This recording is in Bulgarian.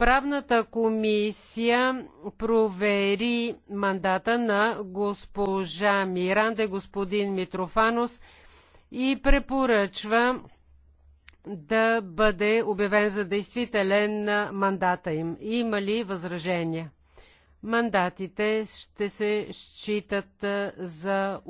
Правната комисия провери мандата на госпожа Миранда и господин Митрофанос и препоръчва да бъде обявен за действителен мандата им. Има ли възражения? Мандатите ще се считат за